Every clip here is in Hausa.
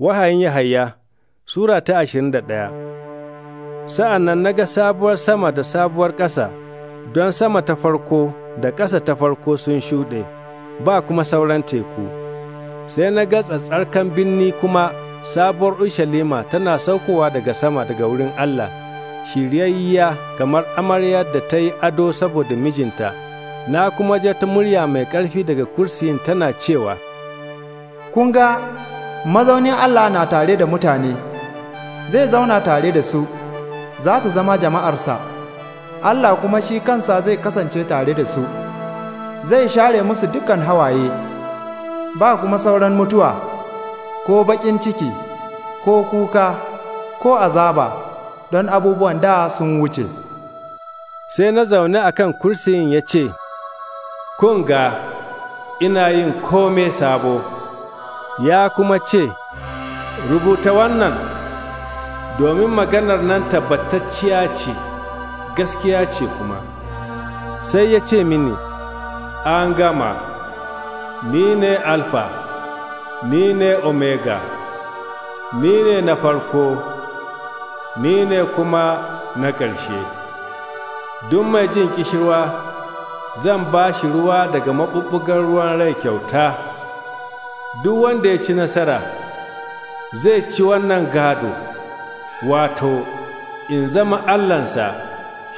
Wahayin Yahaya Sura ta ashirin da ɗaya Sa'an nan na ga sabuwar sama da sabuwar ƙasa, don sama ta farko da ƙasa ta farko sun shuɗe, ba kuma sauran teku. Sai na ga tsatsarkan binni kuma sabuwar Urshalima tana saukowa daga sama daga wurin Allah, shiryayya kamar amarya da ta yi ado saboda mijinta, na kuma ja ta murya mai ƙarfi daga kursiyin tana cewa, Kun ga mazaunin Allah na tare da mutane, zai zauna tare da su, za su zama jama'arsa, Allah kuma shi kansa zai kasance tare da su, zai share musu dukan hawaye, ba kuma sauran mutuwa, ko baƙin ciki, ko kuka, ko azaba, don abubuwan da sun wuce. Sai na zaune a kan kursiyin ya ce, Kun ga, ina yin kome sabo. ya kuma ce, Rubuta wannan, domin maganar nan tabbatacciya ce, gaskiya ce kuma. Sai ya ce mini, An gama, ni ne Alfa, ni ne Omega, ni ne na farko, ni ne kuma na ƙarshe. Duk mai jin ƙishirwa, zan ba shi ruwa daga maɓuɓɓugar ruwan rai kyauta. duk wanda ya ci nasara zai ci wannan gado wato in zama allansa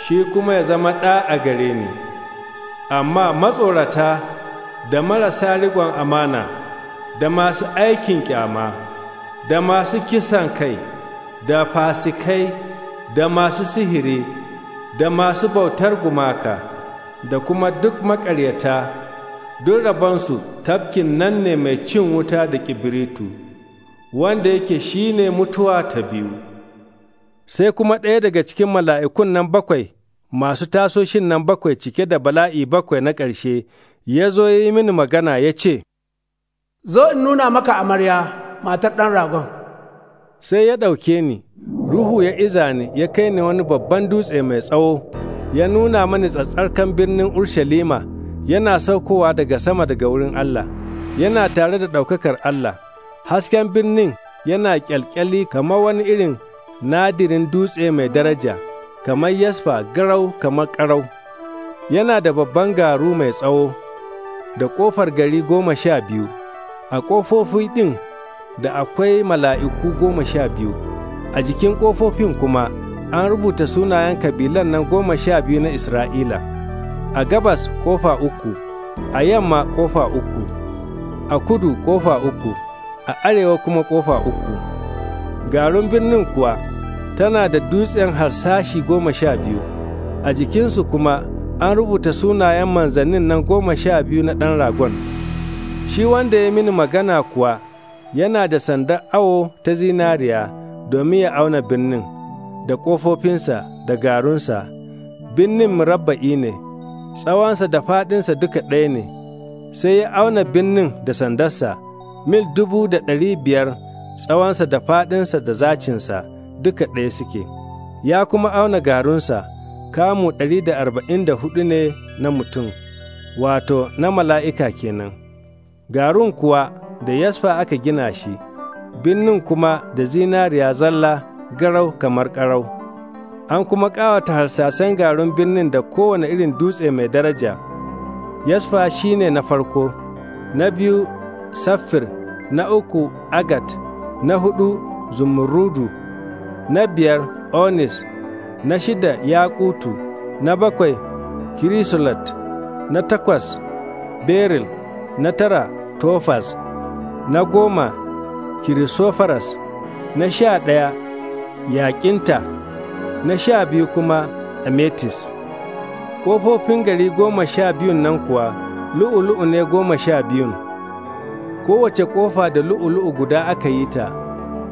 shi kuma ya zama ɗa a gare ni amma matsorata da marasa rigon amana da masu aikin kyama da masu kisan kai da fasikai da masu sihiri da masu bautar gumaka da kuma duk maƙaryata duk rabansu tafkin nan ne mai cin wuta da kibiritu wanda yake shi ne mutuwa ta biyu sai kuma ɗaya daga cikin mala'ikun nan bakwai masu tasoshin nan bakwai cike da bala'i bakwai na ƙarshe ya zo yi mini magana ya ce zo in nuna maka amarya matar ɗan ragon sai ya ɗauke ni ruhu ya iza ni ya kai ni wani babban dutse mai tsawo ya nuna mani tsatsarkan birnin urshalima yana saukowa daga sama daga wurin Allah, yana tare da ɗaukakar Allah, hasken birnin yana ƙyalƙyali kamar wani irin nadirin dutse mai daraja, kamar yasfa garau kamar ƙarau, yana da babban garu mai tsawo, da ƙofar gari goma sha biyu, a ƙofofi ɗin da akwai mala'iku goma sha biyu, a jikin ƙofofin kuma an rubuta sunayen kabilan nan goma sha biyu na Isra'ila. a gabas kofa uku, a yamma kofa uku, a kudu kofa uku, a arewa kuma kofa uku. Garin birnin kuwa tana da dutsen harsashi goma sha biyu, a jikinsu kuma an rubuta sunayen manzannin nan goma sha biyu na ɗan ragon. Shi wanda ya mini magana kuwa yana da sandar awo ta zinariya domin ya auna birnin, da ƙofofinsa da garunsa, birnin murabba'i ne. tsawonsa da faɗinsa duka ɗaya ne, sai ya auna birnin da sandarsa, mil dubu da ɗari biyar tsawonsa da faɗinsa da zacinsa duka ɗaya suke. Ya kuma auna garunsa, kamu ɗari da arba'in da hudu ne na mutum, wato na mala'ika kenan. Garun kuwa da yasfa aka gina shi, birnin kuma da zinariya zalla garau kamar ƙarau. an kuma ƙawata harsasan garin birnin da kowane irin dutse mai daraja yasfa ne na farko na biyu saffir na uku agat na hudu zumurudu na biyar onis na shida yakutu na bakwai kirisolat na takwas beril na tara tofas na goma kirisofaras na sha ɗaya yaƙinta na sha biyu kuma ametis Kofofin gari goma sha biyun nan kuwa lu'ulu'u ne goma sha biyun kowace kofa da lu'ulu'u guda aka yi ta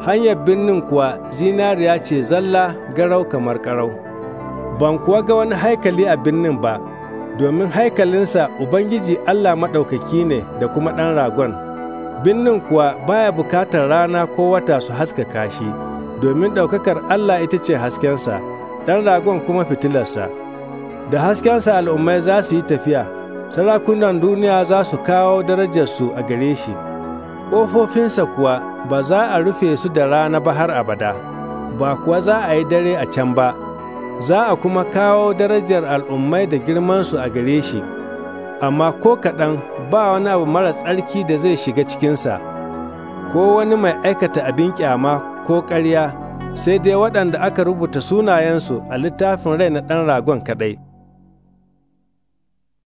hanyar birnin kuwa zinariya ce zalla garau kamar karau ban kuwa ga wani haikali a birnin ba domin haikalinsa ubangiji allah maɗaukaki ne da kuma ɗan ragon birnin kuwa baya bukatar rana ko wata su haskaka shi. domin ɗaukakar Allah ita ce haskensa, ɗan ragon kuma fitilarsa. Da haskensa al'ummai za su yi tafiya, sarakunan duniya za su kawo darajarsu a gare shi, ƙofofinsa kuwa ba za a rufe su da rana ba har abada, ba kuwa za a yi dare a can ba, za a kuma kawo darajar al'ummai da girmansu a gare shi, amma ko kaɗan ba wani abu mara tsarki da zai shiga cikinsa, ko wani mai aikata abin ƙyama ko ƙarya sai dai waɗanda aka rubuta sunayensu a littafin rai na ɗan ragon kaɗai.